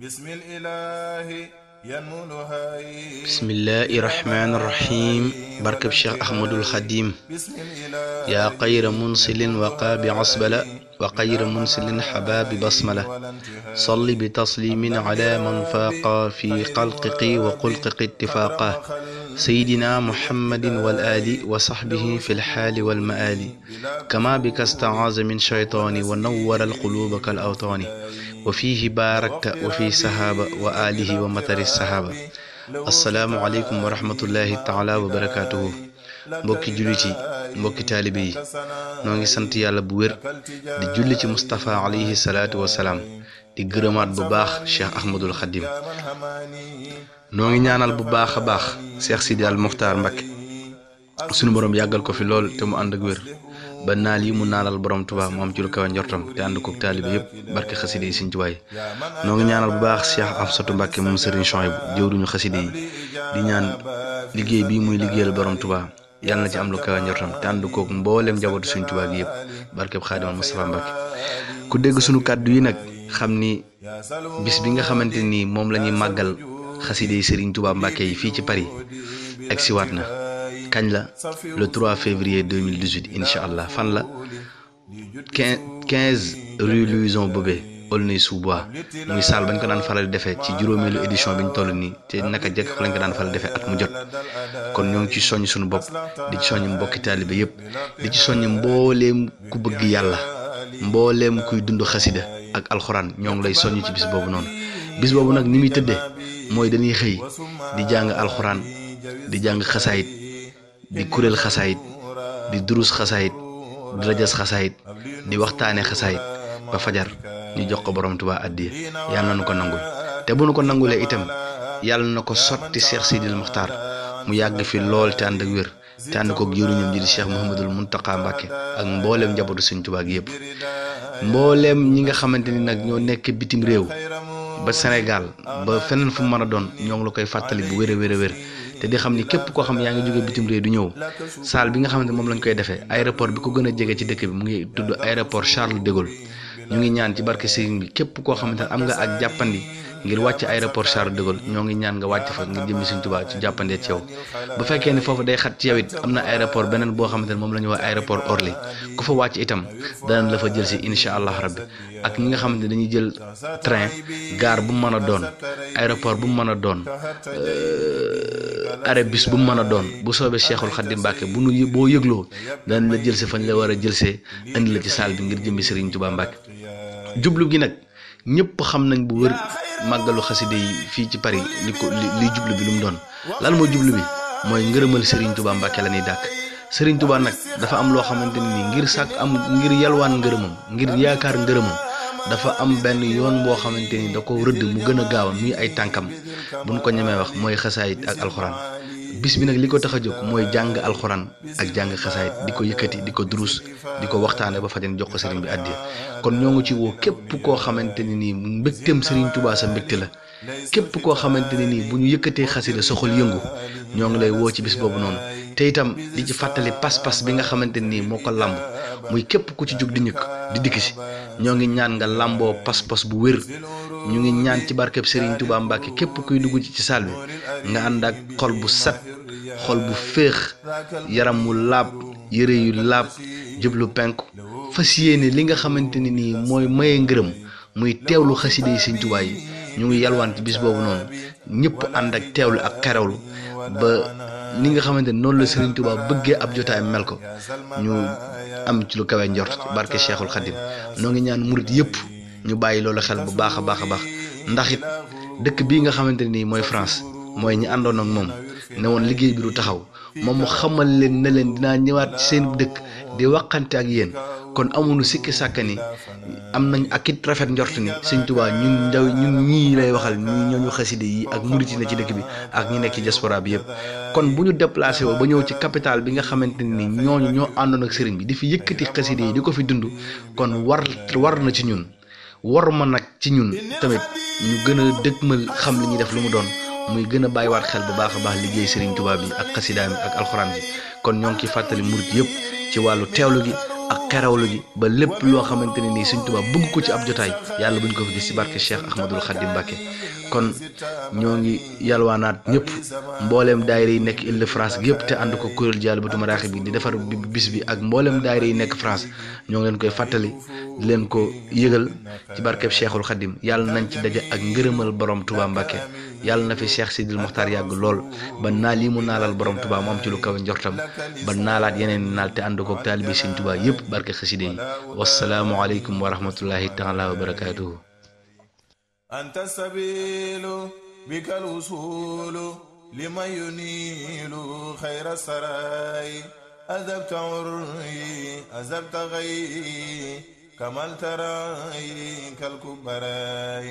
bismillaahi rahmaani rahiim barkab cheikh ahmadul xadim yaa xayra munsilin waqaa bi asbala wa xayra munsilin xabaa bi basmala salli bi tasliimin ala man faaqa fi xalqiqi wa xulqiqi ittifaaqa سيدنا محمد والآل وصحبه في الحال والمآل كما بك استعاذ من شيطان ونور القلوب كالأوطان وفيه باركت وفي سحابة وآله ومطر السحابة السلام عليكم ورحمة الله تعالى وبركاته mbokki jullit yi mbokki taalibe yi noo ngi sant yàlla bu wér di julli ci Mustafa alayhi salaatu wasalaam di gërëmaat bu baax cheikh ahmadul xadim noo ngi ñaanal bu baax a baax cheikh sidi al muxtaar mbakke sunu borom yàggal ko fi lool te mu ànd ak wér ba naal yi mu naalal borom tuba mu am ci lu kawe njortam te ànd koog taalibe yëpp barke xaside yi sëñ Tuubaa noo ngi ñaanal bu baax Cheikh Amsatou Mbacke moom Serigne Chouaïb jëwriñu xaside yi di ñaan liggéey bi muy liggéeyal borom tuba yàlla na ci am lu kawe njortam te ànd koog mboolem gi yëpp barke Xaadimal Mustafa Mbacke ku dégg sunu kàddu yi nag. xam ni bis bi nga xamante nii moom la ñuy màggal xaside yi Serigne Touba Mbacke yi fii ci Paris egg si waat na kañ la le 3 février 2018 incha allah fan la 15 15 rue Louison Bobé Aulnay-sous-Bois muy saal bañ ko daan faral di defee ci juróomeelu édition bi ñu toll nii te naka jekk fa lañ ko daan faral di defee at mu jot kon ñoo ngi ci soñ suñu bopp di ci soññ mbokki taalibe yépp di ci soññ mbooleem ku bëgg yàlla mbooleem kuy dund xasida ak alxuraan ñoo ngi lay soññ ci bis boobu noonu bis boobu nag ni muy tëddee mooy dañuy xëy di jàng alxuraan di jàng xasaayit di kuréel xasaayit di duruus xasaayit di rajas xasaayit di waxtaane xasaayit ba fajar ñu jox ko borom Tuubaa addiya yàlla nañu ko nangul te bu nu ko nangulee itam yàlla na ko sotti Cheikh Sidil Muxtaar mu yàgg fi lool te ànd ak wér te ànd ko jëriñam ji di Cheikh Mouhamadul Muntaqa ak mboolem njabootu Sëñ Tuubaa gi yëpp mbooleem ñi nga xamante ni nag ñoo nekk bitim réew ba Sénégal ba feneen fu mu mën a doon ñoo ngi la koy fàttali bu wér a wér a wér te di xam ni képp koo xam yaa ngi jóge bitim réew du ñëw salle bi nga xamante moom lañ koy defee aéroport bi ko gën a jege ci dëkk bi mu ngi tudd aéroport Charles de Gaulle ñu ngi ñaan ci barke Serigne bi képp koo xamante ne am nga ak jàppandi. ngir wàcc aéroport Charles de Gaulle ñoo ngi ñaan nga wàcc fa ngir jëmmi Sëriñ Tuubaa ci jàppandee ci yow bu fekkee ne foofu day xat ci yow it am na aéroport beneen boo xamante ne moom la ñu wax aéroport Orly ku fa wàcc itam danañ la fa jël si incha allah rabbi ak ñi nga xamante ne dañuy jël train gaar bu mu mën a doon aéroport bu mu mën a doon euh, arrêt bu mu mën a doon bu soobee Cheikhul Khadim Mbacke bu nu boo yëgloo danañ la jël si fañ la war a jël see indi la ci saal bi ngir jëmbi si Sëriñ Tuubaa Mbacke jublu gi nag ñëpp xam nañ bu wër màggalu xasi bi fii ci Paris li ko li jublu bi lu mu doon lan moo jublu bi mooy ngërëmal Serigne Touba Mbacke la ñuy dàkk Serigne Touba nag dafa am loo xamante nii ngir sàkk am ngir yalwaan ngërëmam ngir yaakaar ngërëmam dafa am benn yoon boo xamante ni da ko rëdd mu gën a gaaw muy ay tànkam buñ ko ñemee wax mooy xasaayit ak alxuraan. bis bi nag li ko tax a jóg mooy jàng alxuraan ak jàng xasaayit di ko yëkkati di ko durus di ko waxtaane ba fajan jox ko sëriñ bi àddiya kon ñoo ngi ci woo képp koo xamante ne nii mbégteem sëriñ tubaa sa mbégte la képp koo xamante ne nii bu ñu yëkkatee xasida soxal yëngu ñoo ngi lay woo ci bis boobu noonu te itam di ci fàttali pas-pas bi nga xamante ni moo ko làmb muy képp ku ci jóg di ñëkk di dikk si ñoo ngi ñaan nga làmboo pas-pas bu wér ñu ngi ñaan ci barkeb Serigne Touba Mbacke képp kuy dugg ci saal bi nga ànd ak xol bu set xol bu féex yaram wu laab yëre yu laab jublu penku fas yéene li nga xamante ne nii mooy maye ngërëm muy teewlu xasida yi Serigne Touba yi ñu ngi yalwaan ci bis boobu noonu ñëpp ànd ak teewlu ak kerewlu ba. ni nga xamante ni noonu la Serigne Touba bëggee ab jotaay mel ko ñu am ci lu kawe njort barke Cheikhul Khadim noo ngi ñaan murit yëpp ñu bàyyi loolu xel bu baax a baax a baax ndax it dëkk bii nga xamante nii mooy France mooy ñi àndoon ak moom ne woon liggéey bi du taxaw moom mu xamal leen ne leen dinaa ñëwaat ci seen dëkk di waxante ak yéen kon amuñu sikki sàkka ni am nañ ak it rafet njort ni sëñ Tuubaa ñu ndaw ñu ñii lay waxal ñii ñooñu xaside yi ak murit yi ci dëkk bi ak ñu nekk ci diaspora bi yëpp kon bu ñu déplacé woo ba ñëw ci capital bi nga xamante ni ñooñu ñoo àndoon ak sëriñ bi di fi yëkkati xaside yi di ko fi dund kon war war na ci ñun war ma nag ci ñun tamit ñu gën a dëgmal xam li ñuy def lu mu doon muy gën a bàyyiwaat xel bu baax a baax liggéey Serigne Touba bi ak xasidaam ak alxuraan bi kon ñoo ngi ciy fàttali murit yëpp ci wàllu teewlu gi ak xerawlu gi ba lépp loo xamante ne nii Serigne Touba bëgg ko ci ab jotaay yàlla buñ ko fi gis ci barke Cheikh Ahmadul Khadim Mbacké kon ñoo ngi yalwaanaat ñëpp mbooleem daayira yi nekk Île de France gi yëpp te ànd ko kuréel Jaalibatu Maraaxi bi di defar bis bi ak mbooleem daayira yi nekk France ñoo ngeen koy fàttali di leen ko yëgal ci barkeb Cheikhul Khadim yàlla nañ ci daje ak ngërëmal borom Touba Mbacké yàlla na fi Cheikh Sidil Mokhtar yàgg lool ba naa lii mu naalal borom Tuubaa mu am ci lu kawe njortam ba naalaat yeneen naal te ànd koog taalibe Sëñ Tuubaa yëpp barke xaside yi wasalaamu aleykum wa rahmatullahi taala wa barakaatuhu anta sabilu bika alwusulu liman yunilu xayra sarayi azabta uryi azabta gayri kamal tarayi kalkubarayi